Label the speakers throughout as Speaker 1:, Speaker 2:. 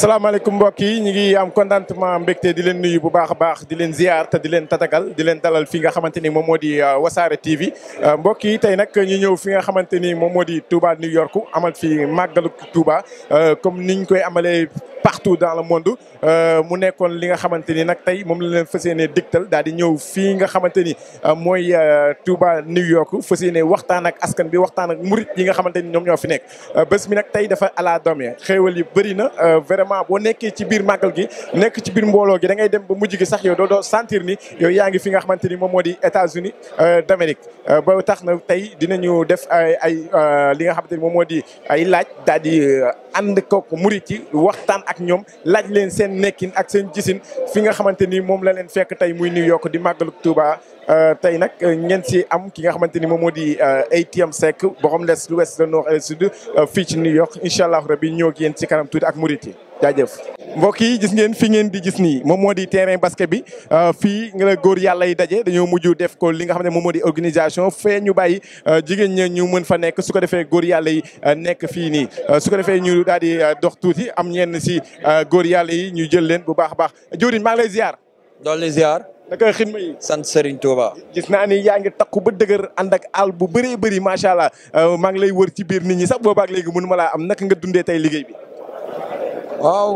Speaker 1: salaamaaleykum mbokk yi ñu ngi am contentement mbégte di leen nuyu bu baax a baax di leen ziar te di leen tatagal di leen dalal fi nga xamante ni moom moo di euh, wasaare TV euh, mbokk yi tey nag ñu ñëw fi nga xamante ni moom moo di Touba New York amal fi màggalu Touba euh, comme niñ koy amalee. partout dans le monde euh, mu nekkoon li nga xamante ni nag tey moom la leen fas yéenee digtal daal di ñëw fii nga xamante ni euh, mooy euh, Touba New York fas yéenee waxtaan ak askan bi waxtaan ak murit yi nga xamante ni ñoom ñoo fi nekk bés mi nag tey dafa ala doome xéewal yi bëri na vraiment boo nekkee ci biir màggal gi nekk ci biir mbooloo gi da ngay dem ba mujj gi sax yow doo doo sentir ni yow yaa ngi fi nga xamante ni moom moo di États-Unis d'Amérique ba tax na tey dinañu def ay ay li nga xamante ni moom moo di ay laaj daal di ànd ko ak ñoom laaj leen seen nekkin ak seen gisin fi nga xamante ni moom la leen fekk tey muy New York di màggalu Touba. Euh, tey nag euh, ngeen si am ki nga xamante ni moom moo di euh, ATM Seck borom l'est l'ouest le nord et le sud fii ci New York incha allah rabi ñoo ngi yéen si kanam tuuti ak murit yi jaajëf mbokk yi gis ngeen fi ngeen di gis nii moom moo di terrain basket bi euh, fii nga la góor yàlla daje dañoo mujj def ko li nga xam ne moom moo di organisation fee ñu bàyyi euh, jigéen ña ñu mën fa nekk su ko defee góor yàlla euh, nekk fii nii su ko defee ñu daal di dox tuuti am ñenn si góor yàlla yi ñu jël leen bu baax a baax jëwriñ maa ngi lay ziar doon lay ziar naka xidma yi sant Serigne Touba gis naa ni yaa ngi takku ba dëgër ànd ak àll bu bëree bëri macha allah
Speaker 2: maa ngi lay wër ci biir ni ñi sax boobaak léegi mënu ma laa nga dundee tey liggéey bi waaw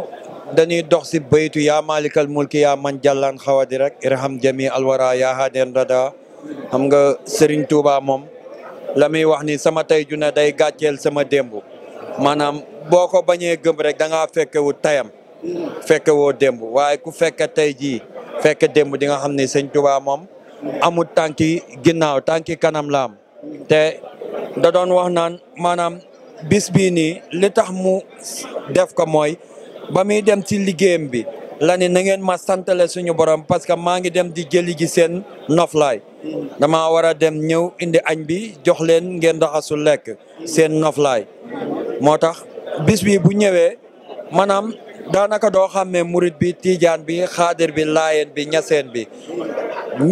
Speaker 2: dañuy dox si baytu yaa malikal mulki yaa man jàllaan xawadi rek irham jami alwara yaa haden rada xam nga Serigne Touba moom la muy wax ni sama tey ju day gàcceel sama démb maanaam boo ko bañee gëm rek da ngaa fekkewu tayam fekke woo démb waaye ku fekke tey jii fekke démb di nga xam ne sëñ Touba moom amul tànki ginnaaw tànki kanam laam te da doon wax naan maanaam bis bii nii li tax mu def ko mooy ba muy dem ci liggéeyam bi la ni na ngeen ma santale suñu borom parce que maa ngi dem di jëli ji seen noflaay damaa war a dem ñëw indi añ bi jox leen ngeen raxasu lekk seen noflaay moo tax bis bi bu ñëwee maanaam daanaka doo xam ne murit bi tiijaan bi xaadir bi laayeen bi ñaseen bi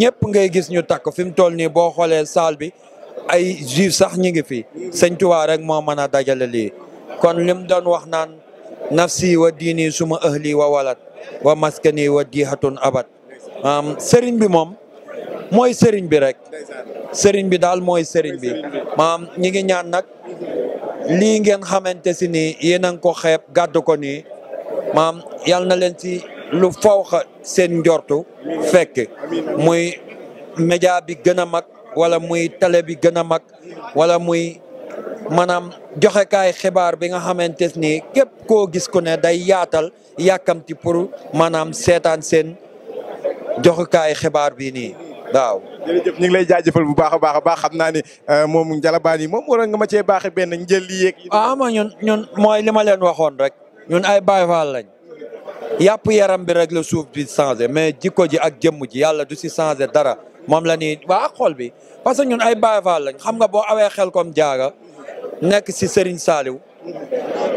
Speaker 2: ñëpp ngay gis ñu takk fi mu toll nii boo xoolee saal bi ay juif sax ñu ngi fi sëñ Tuubaa rek moo mën a dajale lii kon lim doon wax naan nafsi wa diini suma ahli wa walat wa maskani wa dihatun abad sëriñ bi moom mooy sëriñ bi rek sëriñ bi daal mooy sëriñ bi maam ñi ngi ñaan nag lii ngeen xamante si nii yéen a ngi ko xeeb gàddu ko nii maam yal na leen si lu fawxa seen njortu fekk muy média bi gën a mag wala muy tele bi gën a mag wala muy maanaam joxekaay xibaar bi nga xamante ni képp koo gis ku ne day yaatal yàkkamti pour maanaam seetaan seen joxekaay xibaar bi nii waaw. jërëjëf ñu ngi lay jaajëfal bu baax a baax baax xam naa ne euh, moom Njalabaan yi moom waroon nga ma cee baaxee benn njël yi yeeg. ah ma ñun ñun mooy li ma leen waxoon rek ñun ay Baay Faal lañ yàpp yaram bi rek la suuf bi changé mais jikko ji ak jëmm ji yàlla du si changé dara moom la ñuy waa xol bi parce que ñun ay Baay Faal lañ xam nga boo awee xel kom jaaga. nekk si Serigne Saliou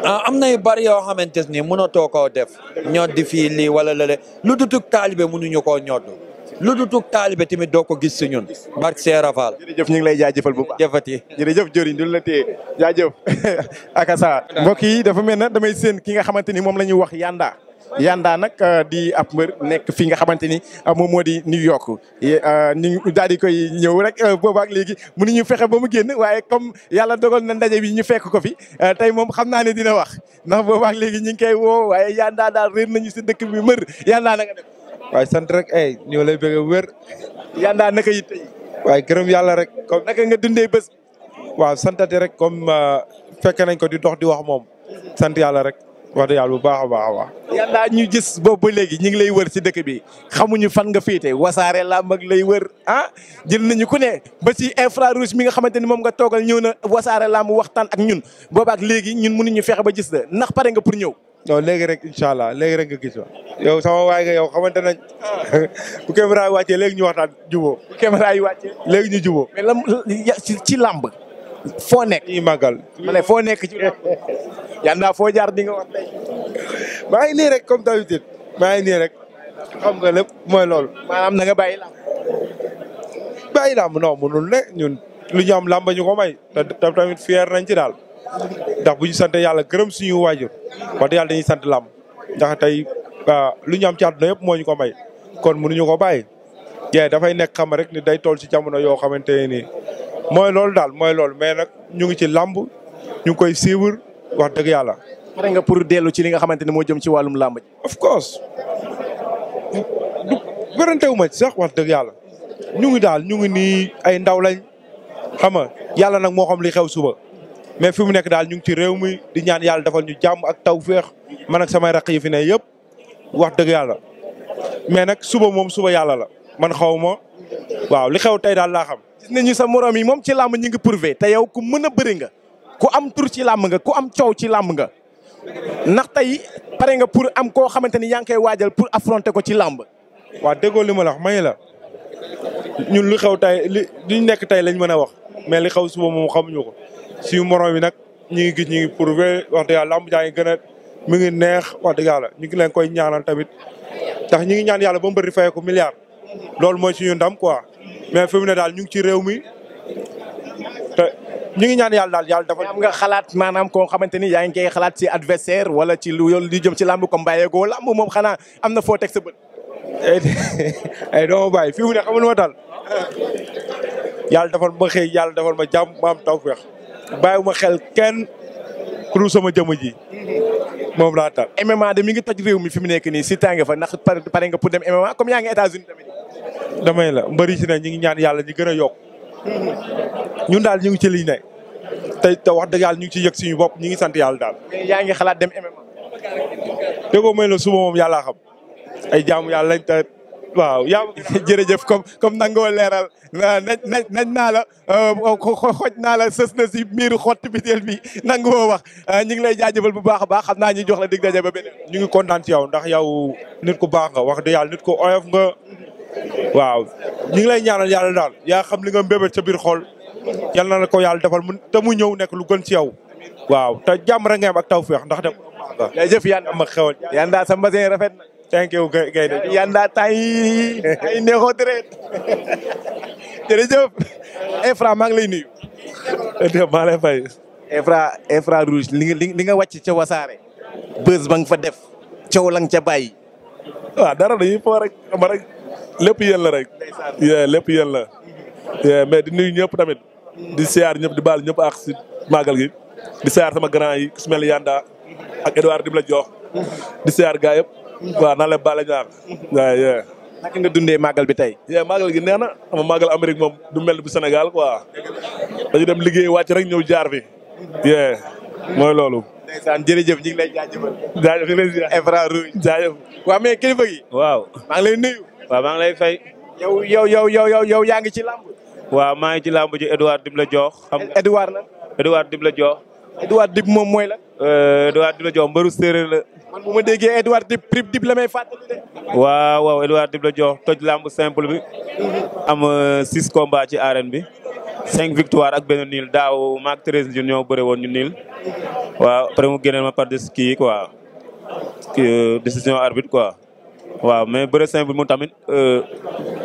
Speaker 2: ah, am na yu bari yoo xamante ni mënatoo koo def ñoot di fii lii wala lële lu dutug taalibe mënuñu koo ñoddu lu dutug taalibe tamit doo ko gis si ñun barke Seera Fall jërëjëf ñu ngi lay jëfal bu baax jëfati jërëjëf jëriñ
Speaker 1: du la téye jaajëf akasa mbokk yi dafa mel na damay seen ki nga xamante ni moom la ñuy wax Yanda Yanda nag euh, di ab mbër nekk fi nga xamante ni euh, moom moo di New York euh, ñu daal di koy ñëw rek boobu ak léegi mënuñu fexe ba mu génn waaye comme yàlla dogal na ndaje bi ñu fekk ko fi tey moom xam naa ne dina wax ndax boobu ak léegi ñu ngi koy woo waaye Yanda daal réer nañu si dëkk bi mër Yanda na nga def. waaye sant rek ay ñoo lay bëgg a wér. Yanda it waaye gërëm yàlla rek comme naka nga dundee bés. waaw santati rek comme fekke nañ ko di dox di wax moom mm-hmm. sant yàlla rek. wax dëgg yàlla bu baax a baax a baax. ñu gis boobu ba léegi ñu ngi lay wër si dëkk bi xamuñu fan nga fiite wasaare làmb ak lay wër ah jël nañu ku ne ba si infra rouge mi nga xamante ni moom nga toogal ñëw na wasaare làmb waxtaan ak ñun boobaak léegi ñun ñu fexe ba gis la ndax pare nga pour ñëw. non léegi rek incha allah léegi rek nga gis ma yow sama waay nga yow xamante nañ bu caméra yi wàccee léegi ñu waxtaan jubóo. bu caméra léegi ñu jubóo. mais ci làmb foo nekk ñuy màggal ma ne foo nekk ci yal naa foo jaar di nga wax tey maa ngi nii rek comme d'habitude maa ngi nii rek xam nga lépp mooy loolu maanaam na nga bàyyi làmb bàyyi làmb non mënul ne ñun lu ñu am làmb ñu ko may te tamit fier nañ ci daal ndax bu ñu sant yàlla gërëm suñu waajur wax dëgg yàlla dañuy sant làmb ndax tey lu ñu am ci àdduna yëpp moo ñu ko may kon mënuñu ko bàyyi yee dafay nekk xam rek ni day toll ci jamono yoo xamante nii mooy loolu daal mooy loolu mais nag ñu ngi ci làmb ñu koy suivre wax dëgg yàlla. pare nga pour dellu ci li nga xamante ne moo jëm ci wàllum làmb ji. of course du ma sax wax dëgg yàlla ñu ngi daal ñu ngi nii ay ndaw lañ xam nga yàlla nag moo xam li xew suba. mais fi mu nekk daal ñu ngi ci réew mi di ñaan yàlla defal ñu jàmm ak taw féex man ak samay raq yi fi ne yëpp wax dëgg yàlla mais nag suba moom suba yàlla la man xaw ma waaw li xew tey daal laa gis ñu sa morom yi moom ci làmb ñi ngi prouvé te yow ku mën a bëri nga ku am tur ci làmb nga ku am coow ci làmb nga ndax tey pare nga pour am koo xamante ni yaa ngi koy waajal pour affronter ko ci làmb waa déggoo li ma wax may la
Speaker 3: ñun lu xew tey li liñ nekk tey lañ mën a wax mais li xew suba moom xamuñu ko si morom yi nag ñi ngi gis ñi ngi prouvé wax dëgg yàlla làmb jaa ngi gën a mi neex wax dëgg yàlla ñu ngi leen koy ñaanal tamit ndax ñi ngi ñaan yàlla ba mbëri fay ko milliard loolu mooy
Speaker 1: suñu ndam quoi mais fi mu ne daal ñu ngi ci réew mi te ngi ñaan yàlla daal yàlla dafa. am nga xalaat maanaam koo xamante ni yaa ngi koy xalaat ci adversaire wala ci lu yoon li jëm ci làmb ko mbayeegoo làmb moom xanaa am na foo teg sa bët. ay fi mu ne xamul ma daal yàlla defal ma xëy yàlla defal ma jàmm ma am tawfeex bàyyi ma xel kenn ku dul sama jëmm ji. moom mi ngi toj réew mi fi mu nekk nii si tànge fa ndax pare nga pour dem MMA comme yaa ngi États-Unis tamit. da la mbëri si ne ñu ngi ñaan yàlla ñu gën a yokk ñun daal ñu ci liñ ne te te wax dëgg yàlla ñu ngi ci yëg suñu bopp ñu ngi sant yàlla daal. yaa ngi xalaat dem MMA. déggoo may la suba moom yàllaa yàlla lañ te waaw yaa jërëjëf comme comme nangoo leeral nañ nañ naa la euh, xoj naa la sës na si miiru xotti biteel bi nangoo wax euh, ñi ngi lay jaajëfal bu baax a baax xam naa ñu jox la dig daje ba beneen. ñu
Speaker 3: ngi kontaan ci yow ndax yow nit ku baax nga wax dëgg yàlla nit ku oyof nga. waaw ñu ngi lay ñaanal yàlla daal yaa xam li nga mbébét sa biir xol yal na la ko yàlla defal mu te mu
Speaker 1: ñëw nekk lu gën ci yow waaw te jàmm rek nga am ak taw feex ndax dem. waaw jërëjëf yàlla am ak xewal yàlla sa mbasin rafet na. thank you gay gay de. yàlla tay ay neexoo maa ngi lay nuyu. maa lay fay. Efra Efra Rouge li nga li nga wàcc ca wasaare. bës ba fa def coow la nga ca bàyyi. dara dañuy foo rek ma rek. lépp yéen la rek.
Speaker 4: yee lépp yéen la. mais di nuyu ñëpp tamit. di siyaar ñëpp di baal ñëpp ak si màggal gi. di siyaar sama grand yi ku si mel Yanda ak Edouard di la jox. di siyaar gaa yëpp. waaw naa leen baale ñaar. waaw yee. dundee màggal bi tey. yee màggal gi neex na ama màggal Amérique moom du mel ni bu Sénégal quoi. dañu dem liggéey wàcc rek ñëw jaar
Speaker 1: fi. yee mooy loolu. ndeysaan jërëjëf ñu ngi lay jaajëfal. jaajëf ñu waaw mais kilifa gi. waaw maa ngi lay fay. yow yow yow yow yow yaa ngi ci làmb.
Speaker 5: waaw maa ngi ci làmb ji Edouard dible la jox. xam nga Edouard la. Edouard Dib la jox. Edouard Dib moom mooy la. Euh, Edouard Dib la jox mbaru séeréer la. man bu ma déggee Edouard Dib la may fàttali de. waaw waaw Edouard jox toj làmb simple bi. Mhm. am euh, six combats ci arène bi. cinq victoire ak benn niil daaw maak treize ñun ñoo woon ñu mhm. waaw après mu génneel par des kii quoi euh, décision arbitre quoi. waaw mais bëre simple mu tamit euh,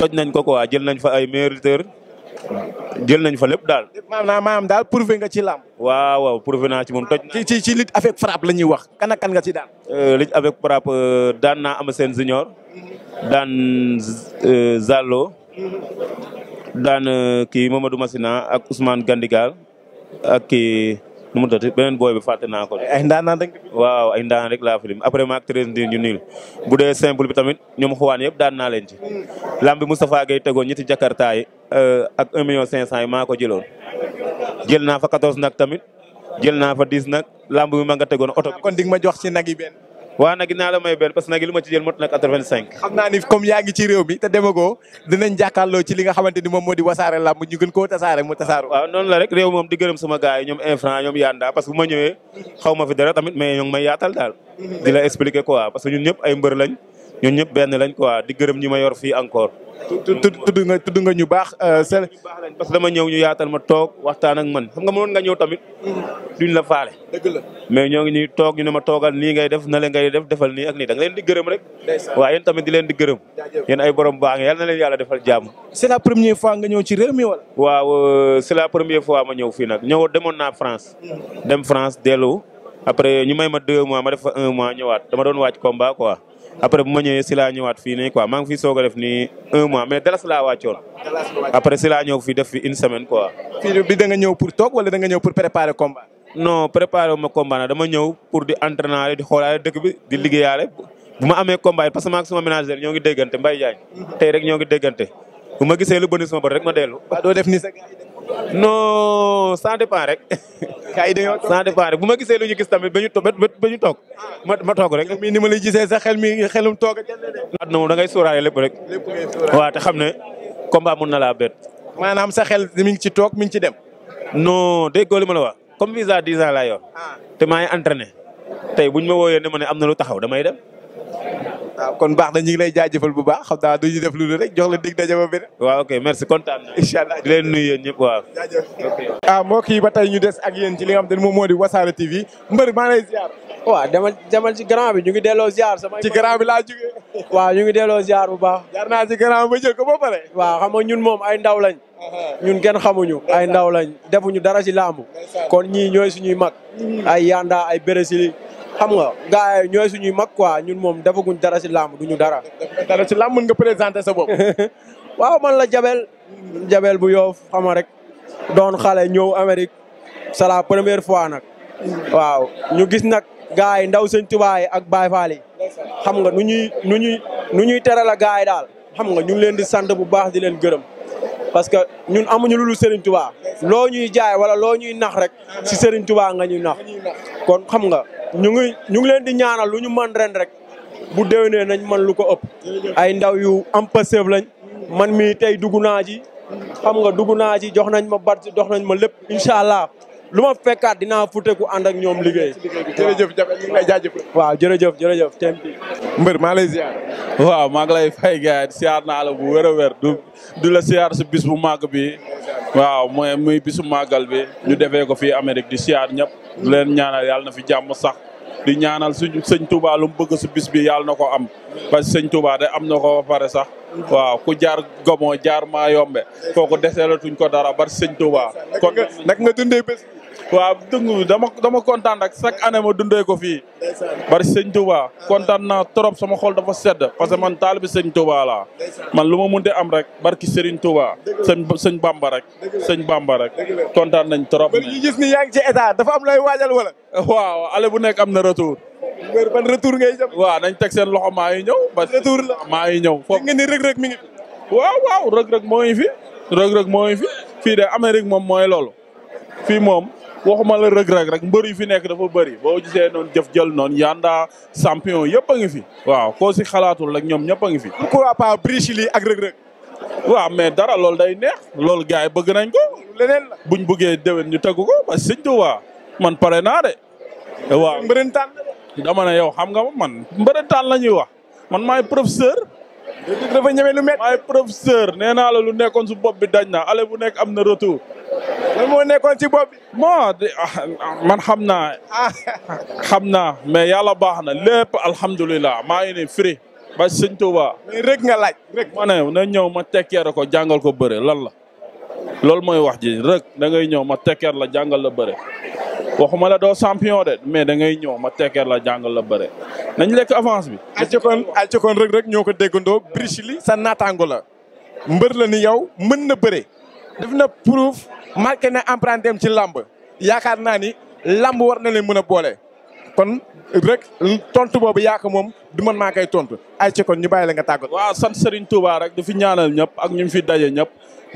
Speaker 5: toj nañ ko quoi jël nañ fa ay mériteurs jël nañ fa lépp daal.
Speaker 1: maanaam maanaam daal prouvé nga ci làmb.
Speaker 5: waaw waaw prouvé naa ci moom toj. ci ci ci lutte avec frappe la ñuy wax
Speaker 1: kan kan nga ci daan.
Speaker 5: Euh, lutte avec frappe euh, daan na am seen junior daan Zallo daan kii Mamadou Massina ak Ousmane Gandigal ak nu mu tëdd beneen booy bi fàtte naa ko. ay ndaanaan rek. waaw ay ndaanaan rek laa fi après maag treize ndiir niil bu simple bi tamit ñoom xawaan yëpp daan leen ci. lam bi tegoon ñetti jakarta yi euh, ak un million cinq cent yi ko jëloon jël naa fa quatorze nag tamit jël naa fa dix nag lamb bi ma nga tegoon oto. waa nag naa la may benn parce que nag li ma ci jël mot na 85.
Speaker 1: xam naa ni mi te demagoo dinañ jàkkaarloo ci li nga xamante ni moom moo di wasaare làmb ñu gën koo tasaare mu tasaaru.
Speaker 5: waaw noonu la rek réew moom di gërëm sama gars yi parce que bu ma ñëwee xaw tamit mais ñoo ngi may yaatal daal. di la expliquer parce que ñun ñëpp ay mbër lañ ñun ñëpp benn lañ quoi di gërëm ñi ma yor fii encore
Speaker 1: tudd nga tudd nga ñu baax euh, seen
Speaker 5: parce dama ñëw ñu yaatal ma toog waxtaan ak man xam nga mënoon nga ñëw tamit mm-hmm. duñ la faale mais ñoo ngi ñuy toog ñu ne ma toogal nii ngay def na leen ngay def defal nii ak nii da nga leen di gërëm rek waaw yéen tamit di leen di gërëm yéen ay borom baax nga yàlla na leen yàlla defal jàmm
Speaker 1: c'est la première fois nga ñëw ci réew mi wala
Speaker 5: waaw euh, c'est la première fois ma ñëw fii nag ñëw demoon naa France mm-hmm. dem France dellu après ñu may ma deux mois ma def fa mois ñëwaat dama doon wàcc combat après bu ma ñëwee si laa ñëwaat fii nii quoi maa ngi fi soog a def nii un mois mais Dallas laa wàccoon. après si laa ñëw fi def fi une semaine quoi.
Speaker 1: fii bi da nga ñëw pour toog wala da nga ñëw pour préparer combat.
Speaker 5: non préparer wu ma combat nag dama ñëw pour di entraîner di xoolaale dëkk bi di liggéeyaale bu ma amee combat yi parce maa ngi sama manager ñoo ngi déggante Mbaye Diagne. tey rek ñoo ngi déggante bu ma gisee lu bëri sama bët rek ma dellu. doo def ni sa gars yi non san dépend rek. gars yi dañoo ça dépend rek bu ma gisee lu ñu gis tamit ba ñu toog ba ñu toog ma ma toog rek. mi ni ma lay gisee sa xel mi xelum toog a àdduna moom da ngay sóoraale lépp rek. lépp ngay sóoraale te xam ne combat mun na laa bett. maanaam sa xel mi ci toog mi ngi ci dem. noo déggoo li ma la wax comme visa 10 ans laa yor. Ah. te maa ngi entraîné tey buñ ma wooyee ne ma ne am na lu taxaw damay dem.
Speaker 1: kon baax na ñu ngi lay jaajëfal bu baax xam naa du ñu def lu rek jox la dig daje ba beneen. waaw ok merci kontaan na. incha allah di leen nuyu yéen ah, yi ba tey ñu des ak yéen ci li nga xam te ne moom moo di wasaare TV mbër maa lay ziar. waaw demal ci grand bi ñu ngi delloo
Speaker 3: ziar sama. ci grand bi laa
Speaker 1: jugee. waa ñu ngi delloo ziar bu baax. jaar naa ci grand ba jël ko ba xam nga ñun moom ay ndaw lañ. Uh-huh. ñun kenn xamuñu ay ndaw lañ defuñu dara ci làmb kon ñii ñooy suñuy mag mm. ay yanda ay bérésil xam nga gars yi ñooy suñuy mag quoi ñun moom defaguñ dara si làmb duñu dara. dara si làmb nga présenter sa bopp. waaw man la Jabel. Jabel bu yoof xam rek doon xale ñëw Amérique c'est la première fois nag. waaw ñu gis nag gars yi ndaw sëñ tubaay ak Baay Faal xam nga nu ñuy nu ñuy nu ñuy teral a gars yi daal xam nga ñu ngi leen di sant bu baax di leen gërëm. parce que ñun amuñu lu dul Serigne Touba loo ñuy jaay wala loo ñuy nax rek si Serigne Touba nga ñu nax kon xam nga ñu ngi ñu leen di ñaanal lu ñu man ren rek bu déwénee nañ man lu ko ëpp. ay ndaw yu am pasef lañ man mi tey dugg naa ji xam nga dugg naa ji jox nañ ma bat jox nañ ma lépp incha allah lu ma fekkaat dinaa futeeku ku ak ñoom liggéey. jërëjëf Jalle ñu ngi lay jërëjëf jërëjëf tempi. mbër maa lay ziar.
Speaker 4: waaw maa ngi lay fay gars yi siyaar naa la bu wér a wér du la siyaar si bis bu màgg bi waaw mooy muy bisu màggal bi ñu defee ko fii Amérique di siyaar ñëpp du leen ñaanal yàlla na fi jàmm sax. di ñaanal suñu sëñ Touba lu mu bëgg su bi yàlla na ko am parce que sëñ de am na ko ba pare sax waaw ku jaar gomo jaar maa yombe kooku deseelatuñ ko dara bar sëñ Touba. kon nag nga dundee bés waaw dëgg dama dama kontaan rek chaque année ma dundee ko fii. bari sëñ Touba kontaan naa trop sama xol dafa sedd parce que man taalibi sëñ Touba laa. man lu ma munte am rek barki Serigne Touba. sëñ sëñ Bamba rek. sëñ Bamba rek kontaan nañ trop. mais ñu gis ni yaa ngi ci état dafa am lay waajal wala. waaw ale bu nekk am na retour. ban retour waaw nañ teg seen loxo maa ngi ñëw. ba retour la maa ngi ñëw foofu. ngeen ni Reug mi ngi. waaw waaw rek Reug moo fi. Reug rek moo ngi fi. fii de Amérique moom mooy loolu. fii moom. waxuma la rëg-rëg rek mbër yi fi nekk dafa bëri boo gisee noonu jëf jël noonu yanda champion yëpp a ngi fi waaw koo si xalaatul rek ñoom ñëpp a ngi fi pourquoi pas Bruce Lee ak rëg-rëg waaw mais dara lool day neex loolu gars yi bëgg nañ ko leneen la buñ bëggee déwén ñu tegu ko parce que sëñ Tuubaa man pare naa de waaw mbërëntaan dama ne yow xam nga man mbërëntaan la ñuy wax man maay professeur dafa ñeme lu métti maay professeur nee naa la lu nekkoon su bopp bi dañ na ale bu nekk am na retour lan moo nekkoon ci bopp bi. moo man xam naa xam naa mais yàlla baax na lépp alhamdulilah maa ngi nii firi ba sëñ Touba. mais rek nga laaj rek. na ñëw ma tekkeer ko jàngal ko bëre lan la loolu mooy wax ji rek dangay ngay ñëw ma teker la jàngal la bëre waxuma la doo champion de mais da ngay ñëw ma tekkeer la jàngal la bëre nañ lekk avance
Speaker 1: bi. àcc kon àcc kon rek rek ñoo ko déggandoo Bruce Lee sa naataango la mbër la ni yow mën na bëre. def na prouve marqué na empreinte dem ci làmb yaakaar naa ni làmb war na leen mën a boole kon rek tont boobu yaaka moom di man maa koy tontu ay ci kon ñu bàyyi la nga tàggat. waaw sant Serigne Touba rek di fi ñaanal ñëpp ak ñu fi
Speaker 4: daje ñëpp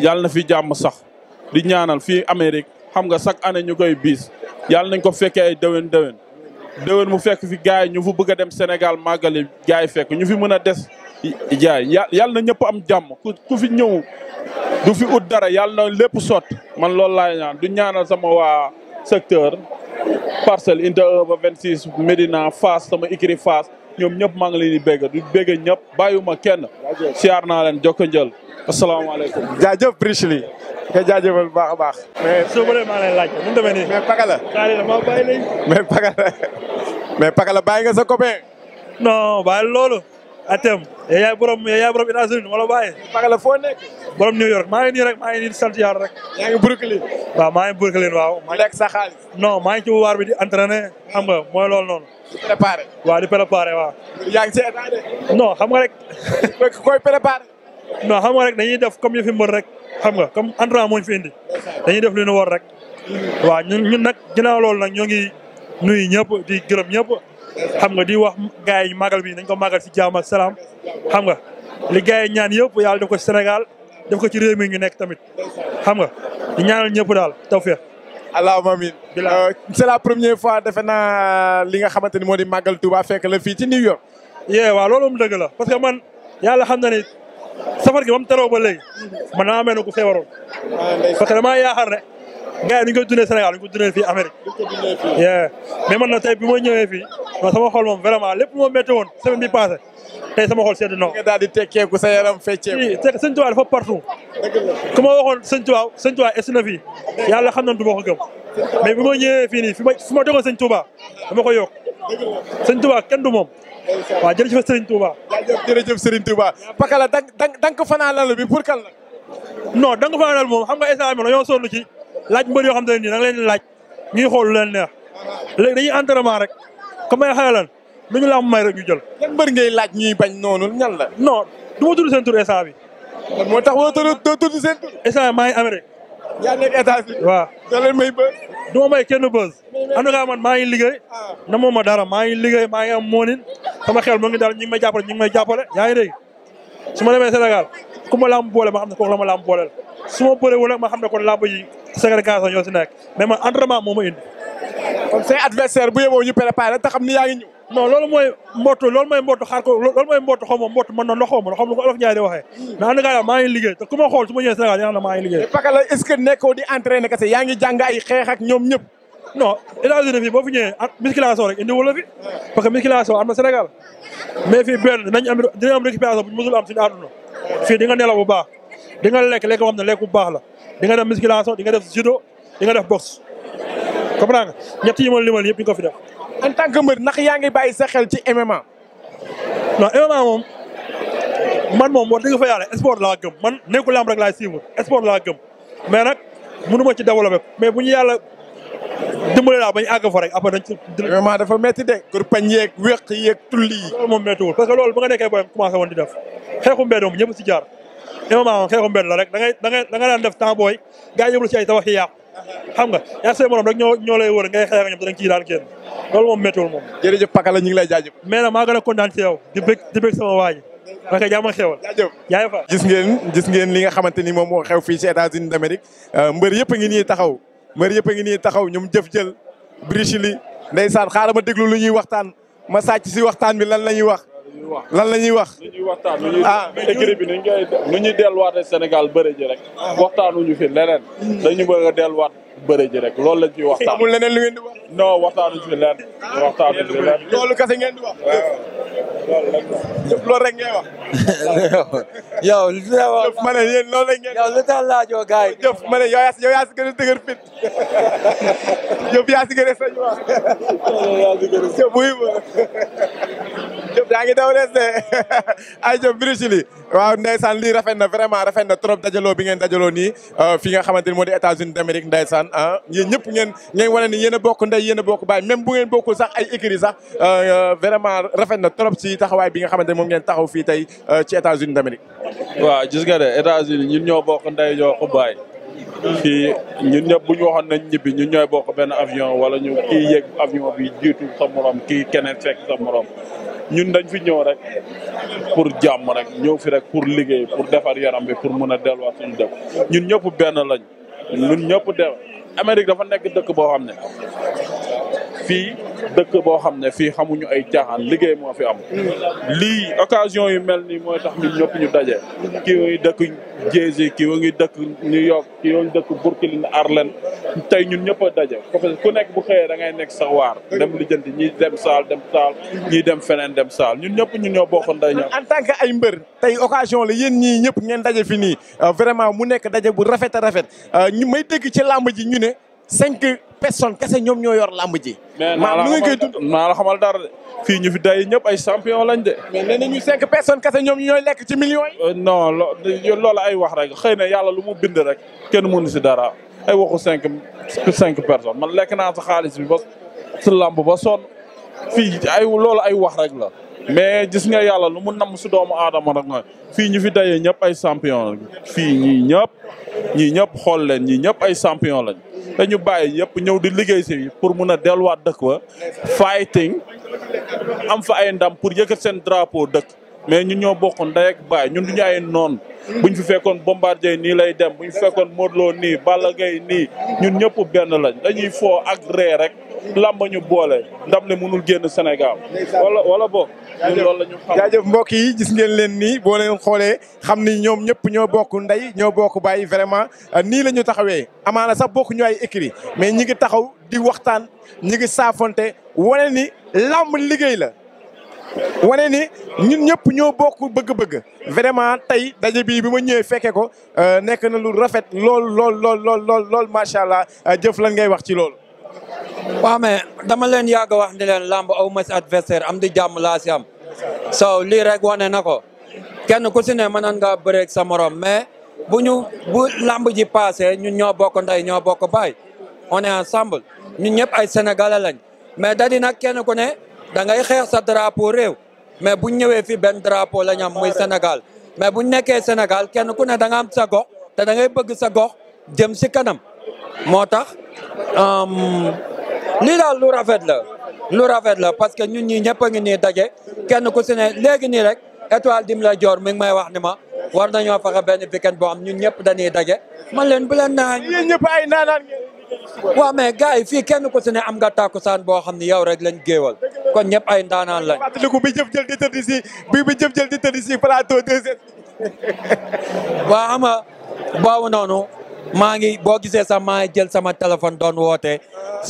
Speaker 4: yàlla na fi jàmm sax di ñaanal fii Amérique xam nga chaque année ñu koy biis yàlla nañ ko fekkee ay déwén déwén. déwén mu fekk fi gars yi ñu fu bëgg a dem Sénégal màggali gars yi fekk ñu fi mën a des. jaay yàlla na ñëpp am jàmm ku fi ñëw du fi ut dara yàlla na lépp sot man loolu laay ñaan du ñaanal sama waa secteur parcelle unité un ba vingt six Médina Fass sama écurie Fass ñoom ñëpp maa ngi leen di bégg du ñëpp bàyyiwuma kenn siyaar naa leen jokko njël asalaamaaleykum
Speaker 1: jaajëf Bichri nga jaajëfal bu baax a baax
Speaker 3: mais soo bëree maa lay laaj nu mu nii mais Pakala ma mais Pakala mais Pakala bàyyi nga sa loolu atem yow eh, yaay borom yow eh, yaay borom États-Unis foo nekk. borom New York maa ngi nii rek maa ngi nii sant rek. yaa ngi Brooklyn. waaw maa ngi Brooklyn waaw. sa xaalis. non maa ngi ci waar bi di entraîné xam nga mooy loolu noonu. di préparé. waaw di préparé waaw. ngi ci état de. non xam nga rek. koy préparé. non xam nga rek dañuy def comme yu fi rek xam nga comme entraînement moo ñu fi indi. dañuy def lu ñu war rek. waaw ñun ñun nag ginnaaw lool nag ñoo ngi nuyu ñëpp di gërëm ñëpp xam nga di wax gars yi màggal bi nañ ko màggal si jaam ak salaam xam nga li gars yi ñaan yëpp yàlla def ko Sénégal def ko ci réew mi ñu nekk tamit xam nga di ñaanal ñëpp daal tawfeex. allahumma amiin
Speaker 1: euh, c'est la première fois defe naa euh, li nga xamante ni moo di màggal Touba fekk la fii ci New York.
Speaker 3: yee waaw loolu moom la parce que man yàlla xam na ni safar gi ba mu teroo ba léegi man a mel ne ku feebaroon ah, parce que ne. gars yi ni ñu koy dundee Sénégal ni ñu ko dundee fii Amérique. yeah mais man nag tey bi ma ñëwee fii non sama xol moom vraiment lépp moo métti woon semaine bi passé tey sama xol sedd na. nga daal di tekkeeku sa yaram fecceeku. oui te Sëñ Tuubaa dafa partout. ku ma waxoon Sëñ Tuubaa Sëñ Tuubaa est na fii yàlla xam na du ma ko gëm mais bi moo ñëwee fii nii fi ma fi ma tegoon Sëñ Tuubaa dama ko yokk Sëñ Tuubaa kenn du moom. waaw jërëjëf Serigne Touba. jërëjëf Serigne Touba. Pakala dang dang dang ko fanaanal bi pour kan la. non dang ko fanaanal moom xam nga instant bii dañoo sonn ci. laaj mbër yoo xam ne nii da nga leen laaj ñuy xool lu leen neex léegi dañuy entraînement rek comme ay xale lan ñu la am may rek ñu jël. mbër ngay laaj ñuy bañ noonu ñan la. non du ma tudd seen tur instant bi. moo tax wala doo tudd seen tur. instant maa ngi Amérique. yaa waaw da may bë. du ma may kenn bës. am man maa ngi liggéey. Ah. na moom ma dara maa ngi liggéey maa ngi am moonin sama xel mu ngi daal ñu ma may jàppale ñu ngi may jàppale yaa ngi dégg su ma demee Sénégal ku a lamb boole ma xam ne kooku la ma lamb booleel su ma bëree wala ma xam ne kon lamb yi ségrégation ñoo si nekk mais man entraînement moo ma indi. kon say adversaire bu yeboo ñu préparé te xam ni yaa ngi ñëw. non loolu mooy mbootu loolu mooy mbootu xaar ko loolu mooy mbootu xaw ma mbootu man noonu la xaw ma la xaw ma lu ko olof ñaari di waxee hmm. mais en tout cas maa ngi liggéey te ku ma xool su ma ñëwee Sénégal yaa liggéey. mais Pakala est-ce que di entraîné kese yaa ngi jàng non États-Unis fii boo fi ñëwee ah musculation rek indi wala fi parce que musculation am na Sénégal mais fii benn dinañ am dinañ am récupération bu ñu mësul am suñu àdduna fii di nga nelaw bu baax di nga lekk lekk boo xam ne lekk bu baax la di nga def musculation di nga def judo di nga def boxe comprends nga ñett yi ma limal yëpp ñu ko fi def. en tant que mbër ndax yaa ngi bàyyi sa xel ci MMA. non MMA moom man moom wax dëgg fa yàlla sport laa gëm man nekkul lamb rek laay suivre sport laa gëm mais nag mënu ma ci développer mais bu ñu yàlla dimbale daal bañ àgg fa rek après dañ ci. dafa métti de. kër pañ yeeg wéq yeeg tulli yi. loolu moom méttiwul parce que loolu ba nga nekkee booy commencé woon di def xeexu mbedd moom ñëpp si jaar émément da ngay da ngay da nga daan def temps booy xam nga yaa say morom rek ñoo ñoo lay wër ngay xeex ñoom danañ ciy daan génn loolu moom méttiwul moom. jërëjëf Paka la ñu ngi lay jaajëf. mais na maa gën a kontaan ci yow di bëgg di sama waa ji ok jàmm xewal jaajëf fa gis ngeen gis ngeen li nga xamante
Speaker 1: ni moom moo xew fii ci États-Unis d'Amérique euh, mbër yëpp a ngi nii taxaw mbër yëpp a ngi nii taxaw ñoom jëf jël brichi li ndeysaan xaaral ma déglu lu ñuy waxtaan ma sàcc si waxtaan bi lan la ñuy wax.
Speaker 4: lan la ñuy wax. waxtaan lu ñuy. ah écrit bi nu ñuy delluwaatee Sénégal bëre ji rek. ñu fi leneen. dañu bëgg a delluwaat. bëre ji rek loolu lañ ciy waxtaan. amul leneen lu
Speaker 1: ngeen di wax. non waxtaanu ci lenn. waxtaanu ci kase ngeen di wax. loolu rek loolu rek ngay wax. yow li nga wax ma ne yéen loolu rek ngeen. yow lu tax laajoo gars yi. jëf ma ne yow yaa si yow yaa si gën a dëgër fit. jëf yaa si wax. jëf wuyu ma. jëf yaa ngi daw des de ay jëf Bruce Lee waaw ndeysaan lii rafet na vraiment rafet na trop dajaloo bi ngeen dajaloo nii euh, fi nga xamante ni moo di États-Unis d'Amérique ndeysaan ah yéen ñëpp ngeen ngeen wane ni yéen a bokk ndey yéen bokk baay même bu ngeen bokkul sax ay écrits sax euh, euh, vraiment rafet na trop si taxawaay bi nga xamante ni moom ngeen taxaw fii tey ci États-Unis d'Amérique
Speaker 4: waaw gis nga de États-Unis ñun ñoo bokk ndey ñoo baay fii ñun ñëpp bu ñu waxoon na ñibbi ñun ñooy bokk benn avion wala ñu kii yéeg avion bi jiitu sa moroom kii keneen fekk sa morom ñun dañ fi ñëw rek pour jàmm rek ñëw fi rek pour liggéey pour defar yaram bi pour mun a delluwaat suñu def ñun ñëpp benn lañ ñun ñëpp de Amérique dafa nekk dëkk boo xam ne fii dëkk boo xam ne fii xamuñu ay caaxaan liggéey moo fi am. lii occasion yu mel nii mooy tax ñun ñëpp ñu daje. kii ngi dëkk Jersey kii ngi dëkk New York kii ngi dëkk Brooklyn Harlem tey ñun ñëpp a daje parce ku nekk bu xëyee da ngay nekk sa waar. dem lijjanti ñii dem saal dem saal ñii dem feneen dem saal ñun
Speaker 1: ñëpp ñu ñoo bokkoon day ñëw. en tant que ay mbër tey occasion la yéen ñii ñëpp ngeen daje fi nii euh, vraiment mu nekk daje bu rafet a rafet euh, may dégg ci làmb personne kese ñoom ñoo yor làmb ji. maa lu ngeen koy dund naa dara de fii ñu fi day ñëpp ay champion
Speaker 4: lañ de. mais nee nañu cinq personnes kese ñoom ñooy lekk ci millions yi. Euh, non loolu ay wax rek xëy na yàlla lu mu bind rek kenn mënu si dara ay waxu cinq cinq personnes man lekk naa sa xaalis bi ba sa làmb ba sonn fii ay loolu ay wax rek la. mais gis nga yàlla lu mu nam su doomu aadama rek nga fii ñu fi dayee ñëpp ay champion lañ fii ñii ñëpp ñii ñëpp xool leen ñii ñëpp ay champion lañ. dañu ñu bàyyi yëpp ñëw di liggéey si pour mun a delluwaat dëkk ba fighting am fa ay ndam pour yëkkat seen drapeau dëkk. mais ñu ñoo bokkoon day ak baay ñun du ñu ay noon buñ fi fekkoon Bombardier nii lay dem buñ fi fekkoon Modou Lo nii Balla nii ñun ñëpp benn lañ dañuy foo ak ree rek làmb ñu boole ndam le mënul génn Sénégal
Speaker 3: wala wala bo
Speaker 1: ñu xam jaajëf mbokk yi gis ngeen leen nii boo leen xoolee xam ni ñoom ñëpp ñoo bokk ndey ñoo bokk bàyyi vraiment euh, nii la ñu taxawee amaana sax bokk ñu ay écrit mais ñi ngi taxaw di waxtaan ñi ngi saafonte wane ni làmb liggéey la wane ni ñun ñëpp ñoo bokk bëgg-bëgg vraiment tey daje bii bi ma ñëwee fekke ko euh, nekk na lu rafet lool lool lool lool lool lool macha allah euh, jëf lan ngay wax ci loolu.
Speaker 2: waaw mais dama leen yàgg wax ni leen làmb aw ma si am di jàmm laa si am so lii rek wane na ko kenn ku si ne mënoon ngaa bëreeg sa morom mais bu ñu bu làmb ji passé ñun ñoo bokk ndey ñoo bokk baay one est ensemble ñun ñëpp ay sénégalais lañ mais dadi nag kenn ku ne. da ngay xeex sa drapeau réew mais bu ñëwee fii benn drapeau la ñu am muy Sénégal mais bu nekkee Sénégal kenn ku ne da nga sa gox te da ngay bëgg sa gox jëm si kanam moo tax euh, lii daal lu rafet la lu rafet la parce que ñun ñii ñëpp a ngi nii daje kenn ku si ne léegi nii rek étoile Dimele Dior mi ngi may wax ni ma war nañoo fexe benn weekend boo xam ñun ñëpp dañuy daje man leen bu leen naan. waaw mais gars yi fii kenn ku si am nga takkusaan boo xam ni yow rek lañ géewal kon ñëpp ay ndaanaan lañ. fàttaliku bi jëf jël di tëdd si bi bi jëf jël di tëdd si plateau deuxième. waaw xam nga noonu maa ngi boo gisee sax maa jël sama téléphone doon woote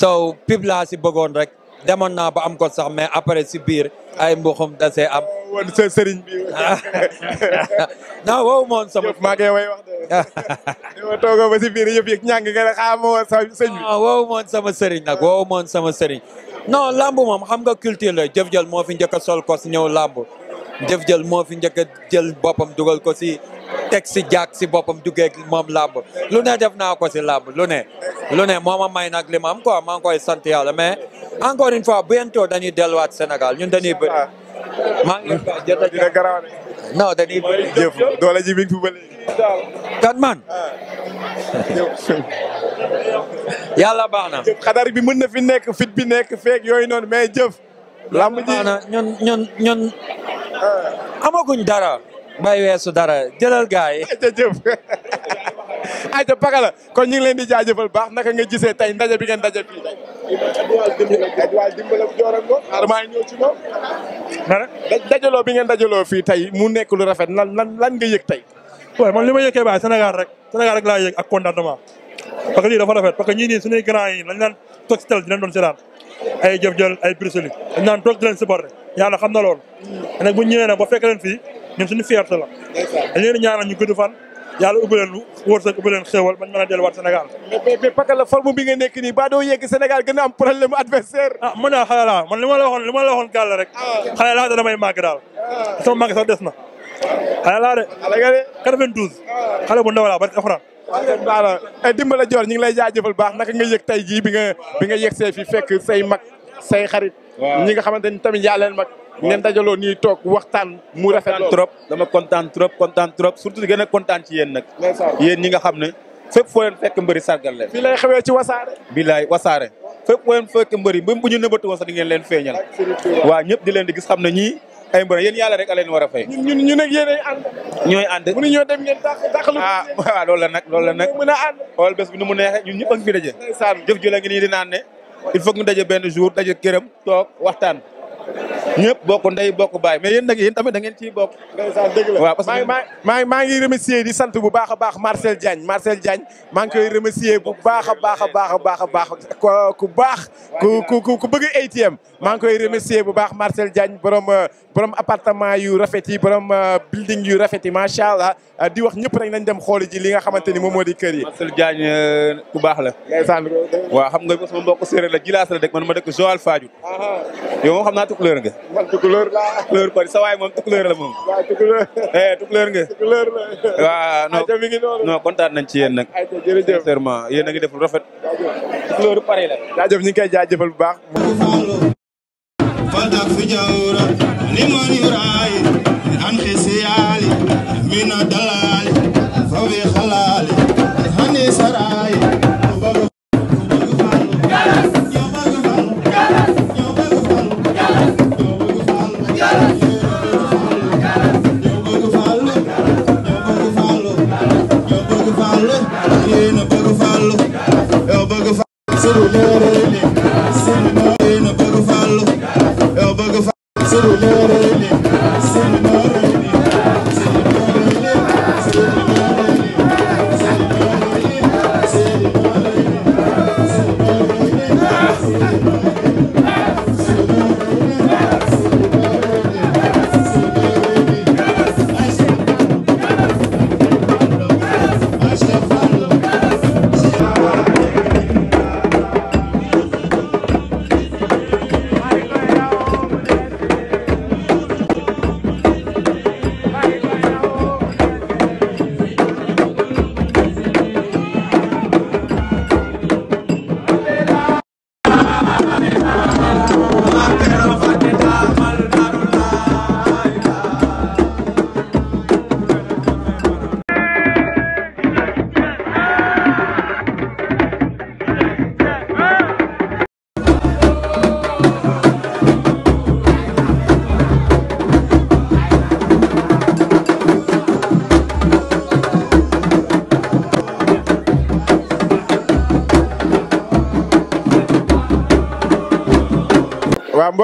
Speaker 2: so pib laa bëggoon rek. demoon naa ba am ko sax mais après si biir ay mbuxum dasee am. woon sa bi. non wow moon sama. maa ngi way
Speaker 1: wax
Speaker 2: si biir yëpp yëg ñàng nga ne ah ma woon sama sëriñ bi. non lamb moom xam nga culture la jëf jël moo fi njëkk sol ko si ñëw lamb. jëf jël moo fi njëkk jël boppam dugal ko si. teg si jaag si boppam duggee moom làmb lu ne def na ko si làmb lu ne may nag li am quoi maa ngi koy sant yàlla mais encore une fois bientôt dañuy delluwaat Sénégal ñun dañuy bëri. maa ngi jot dina garaaw non dañuy bëri jëf doole ji mi fi ba léegi. kan
Speaker 1: man. baax na. xadar bi mën na
Speaker 2: fi nekk fit bi nekk feeg yooyu noonu mais jëf. lamb ji ñun ñun ñun. Ah. amaguñ dara. bay weesu dara jëlal gaay jëf
Speaker 1: ayca pakala kon ñu ngi leen di jaajëfal baax naka nga gisee tey ndaje bi ngeen ndaje fii Edouard dimbalam jooram ko xaaral maa ngi
Speaker 3: ñëw bi ngeen dajaloo fii tey mu nekk lu rafet lan lan lan nga yëg tey. waaye man li ma yëgee baay Sénégal rek Sénégal rek laa yëg ak contentement parce que lii dafa rafet parce que ñii nii suñuy grand yi lañ naan toog si tel di leen doon seetaan ay jëf jël ay briseli dañ naan toog di leen supporté yàlla xam na loolu nag bu ñëwee ba fekk leen fii ñun suñu fierté la dañ leen ñaanal ñu gudd fan yàlla ubbi leen wërsëg ubbi leen xéewal bañ mën a delluwaat Sénégal. mais mais Pakala forme bi nga nekk nii ba doo yegg Sénégal gën a am problème adversaire a ah, man daal ah, xale laa man li ma la ma la waxoon gàll rek. Ah. xale laa da damay màgg daal. sama màgg sax des na. xale laa de. xale nga de 92. bu ndaw laa
Speaker 1: barke alxuraan. waaw kay eh, dimbala Dior ñu ngi lay jaajëfal baax naka nga yëg tey jii bi nga bi nga yegg see fi fekk say mag say xarit. ñi nga xamante ni tamit yaa leen mag ngeen dajaloo nii toog
Speaker 5: waxtaan mu rafet trop dama kontaan trop kontaan trop surtout di gën a kontaan ci yéen nag yéen ñi nga xam ne fépp foo leen fekk mbëri sargal leen fii lay xewee ci wasaare bilaay wasaare fépp foo leen fekk mbëri mbëm bu ñu nëbbatu woon sax di ngeen leen feeñal waaw ñëpp di leen di gis xam ne ñii ay mbër yéen yàlla rek a leen war a fay ñun ñun ak yéen ñooy ànd mënu ñoo dem ngeen dàq dàq ah, la nag loolu la nag mën a ànd xool bés bi nu mu neexee ñun ñëpp a ngi fi daje jëf nii di naan ne il faut que ñu daje benn jour daje këram toog waxtaan ñëpp bokk ndey bokk baay mais yéen
Speaker 1: nag yéen tamit da ngeen ciy bokk. ndeysaan dëgg la maa maa ngi remercier di sant bu baax a baax Marcel Diagne Marcel Diagne maa ngi koy remercier bu baax a baax a baax a baax a ku baax ku ku ku bëgg ATM maa ngi koy remercier bu baax Marcel jaañ borom borom appartement yu rafet yi borom euh, building yu rafet yi macha allah euh, di wax ñëpp rek nañ dem xooli ji li nga xamante ni moom moo di kër yi. Marcel
Speaker 5: Diagne euh, ku baax la. ndeysaan waaw xam nga sama mbokk séeréer la Jilaas la dëkk man ma dëkk Joal Fadiouth. Ah. yow moom xam naa tukkuleer nga. man tukkuleer la tukkuleer kon moom tukkuleer la moom. waaw eh, nga. tukkuleer la. waaw non ayca mi ngi kontaan nañ ci yéen nag. ayca jërëjëf sincèrement yéen a ngi def lu rafet.
Speaker 1: tukkuleeru pare la. jaajëf ñu ngi koy jaajëfal bu baax.
Speaker 5: فتكف جورا لمن يراي عن خسيالي من الدلال فبخلالي هني سراي
Speaker 1: Matera,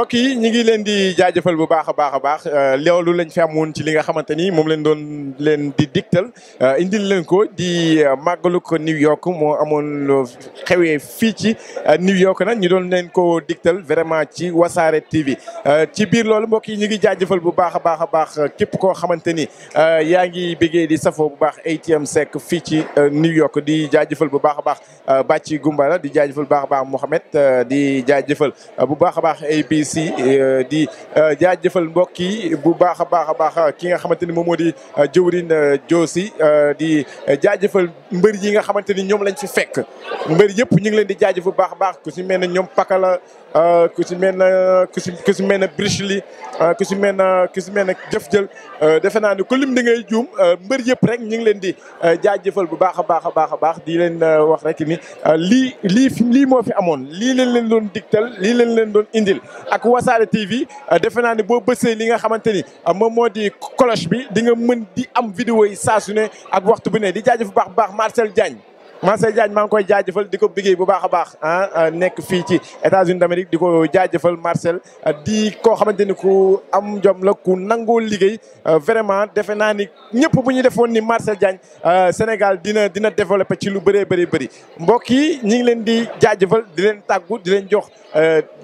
Speaker 1: mbokk yi ñu ngi leen di jaajëfal bu baax a baax a baax euh, loolu lañ fi amoon ci li nga xamante ni moom leen doon leen di diktal euh, indil leen ko di euh, màggalu ko New York moo amoon xewee fii ci euh, New York nag ñu doon leen ko diktal vraiment ci wasaare TV ci biir lool mbokk yi ñu ngi jëfal bu baax a baax a baax képp koo xamante ni yaa ngi bëggee di safoo bu baax ATM Seck fii ci New di jaajëfal bu baax a baax Bàcci Gumbala di jaajëfal baax baax Mouhamed di jaajëfal bu baax a baax ABC di jaajëfal mbokk yi bu baax a baax a baax ki nga xamante ni moom moo di jëwrin Diosi euh, euh, di jaajëfal mbër yi nga xamante ni ñoom lañ ci fekk mbër yëpp ñu ngi leen di jaaj jaajëfal baax a baax ku si mel ne ñoom Pakala euh, ku si mel ne ku si ku si ku si mel ne ku si mel ne Jëf Jël defe naa ne ku lim da ngay juum mbër yëpp rek ñu ngi leen di jaajëfal bu baax a baax a baax a baax di leen wax rek ni li lii lii moo fi amoon lii leen leen doon digtal lii leen leen doon indil ak Wassare TV defe naa ne boo bësee li nga xamante ni moom di cloche bi di nga mën di am vidéo yi saa su ne ak waxtu bu ne di jaajëf bu baax baax Marcel Diagne Massé Diagne maa ngi koy jaajëfal di ko bigéey bu baax a baax ah, ah nekk fii ci États-Unis d'Amérique di ko jaajëfal Marcel ah, di koo xamante ni ku am jom la ku nangoo liggéey ah, vraiment defe naa ni ñëpp bu ñu defoon ni Marcel Diagne Sénégal dina dina développé ci lu bëree bëri bëri mbokk yi ñu ngi leen di jaajëfal di leen tàggu di leen jox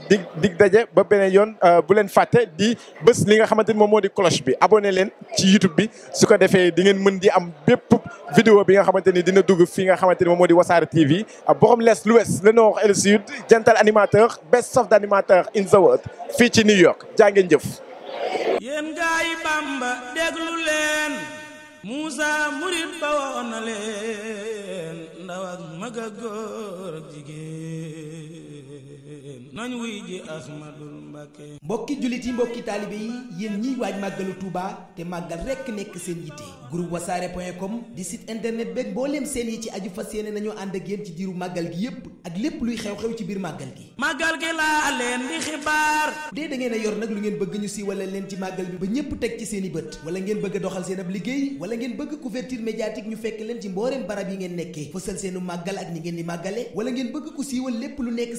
Speaker 1: dig dig daje ba beneen yoon bu leen fàtte di bés li nga xamante ni moom moo di cloche bi abonné leen ci YouTube bi su ko defee di ngeen mën di am bépp vidéo bi nga xamante ni dina dugg fii nga xamante ne moom moo di Wassare TV borom l'est l'ouest le nord et sud jantal animateur best of d'animateur in the world fii ci New York jaa ngeen jëf. yéen
Speaker 5: Bamba déglu leen Moussa murid ba woon leen ndaw ak mag ak góor ak jigéen nañ wuy ji mbokki jullit yi mbokki taalibe yi yéen ñiy waaj màggalu Touba te màggal rekk nekk seen yitte groupe wasaare point di site internet beeg mbooleem seen yi ci aju fas yéene nañoo ànd ak yéen ci diiru màggal gi yépp ak lépp luy xew-xew ci biir màggal gi màggal gi laa leen di xibaar dee da yor nag lu ngeen bëgg ñu siiwalal leen ci màggal bi ba ñépp teg ci seen i bët wala ngeen bëgg a doxal seen ab liggéey wala ngeen bëgg ku siiwal lépp lu nekk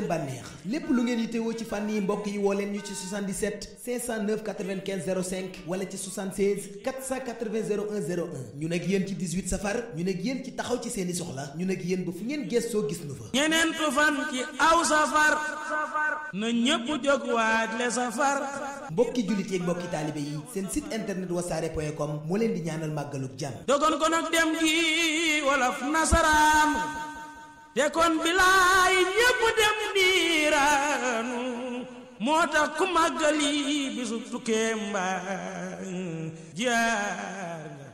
Speaker 5: seen bànneex lépp lu ngeen yittewoo ci fànn yi mbokk yi woo leen ñu ci 77 509 95 05 wala ci ñu nekk yéen ci 18 safar ñu nekk yéen ci taxaw ci seeni soxla ñu nekk yéen ba fu ngeen gëstoo gis nu fa. ñeneen fan ci aw safar na ñépp jóg waaj le safar. mbokki jullit yeeg mbokki taalibe yi seen site internet wasaare point moo leen di ñaanal màggalug jàmm. dogon ko nag dem gi wolof nasaraan. te kon bilaay ñépp dem niiraanu moo tax ku màggali bisu tukkee mbaay jaar